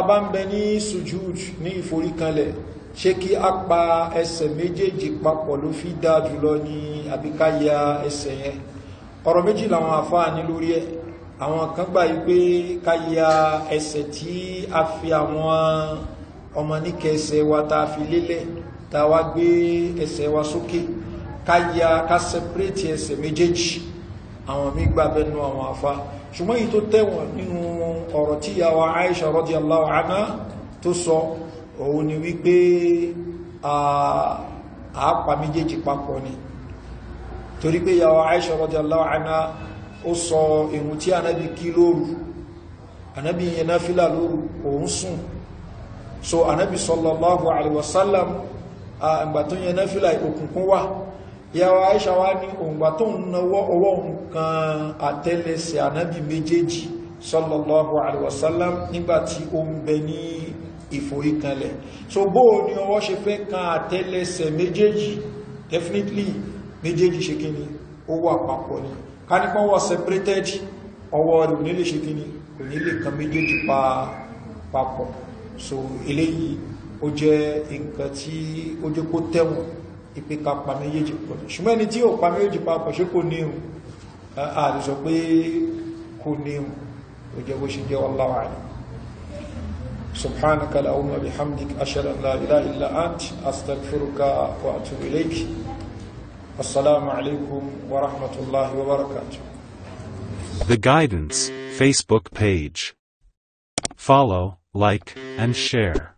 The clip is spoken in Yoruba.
bá ń bẹ ní sujud ní ìforíkanlẹ̀ ṣé kí a pa ẹsẹ̀ méjèèjì papọ̀ ló fi dáa jùlọ ní àbíkáyà ẹsẹ̀ yẹn ọ̀rọ̀ méjì làwọn àfáà ní lórí ẹ̀ àwọn kan gbà yí pé káyà ẹsẹ̀ tí a fi àwọn ọmọ níkẹ ẹsẹ̀ wa ta fi lélẹ̀ ta wá gbé ẹsẹ̀ wa sókè káyà ká separate ẹsẹ̀ méjèèjì àwọn mí gbà bẹnu àwọn afá ṣùgbọ́n yìí tó tẹ̀wọ̀n nínú ọ̀rọ̀ tí ìyá wa Aisha radiyallahu anha tó sọ òun ni wípé àápa méjèèjì papọ̀ ni torí pé ìyá wa Aisha radiyallahu anha ó sọ ìrun tí anábi kí lóru anábi yẹn náfílà lóru òun sùn so anábi sallallahu ìyàwó Aisha wá ní òǹgbà tó ń nawọ́ ọwọ́ nǹkan àtẹ́lẹsẹ̀ ànábì méjèèjì sallallahu alaihi wasallam nígbàtí ó ń bẹ ní ìforíkanlẹ̀ so bó ní ọwọ́ ṣe fẹ́ kan àtẹ́lẹsẹ̀ méjèèjì definitely méjèèjì ṣe kí ni ó wà papọ̀ ni ká nípa separated ọwọ́ rẹ̀ ò ní ni kò ní lè kan so eléyìí ó jẹ́ nǹkan pọ̀ ní ṣùgbọ́n ẹni tí ó papọ̀ ṣe kò ní ohun pé kò ní ohun bó ṣe jẹ́ The Guidance Facebook page Follow, like, and share.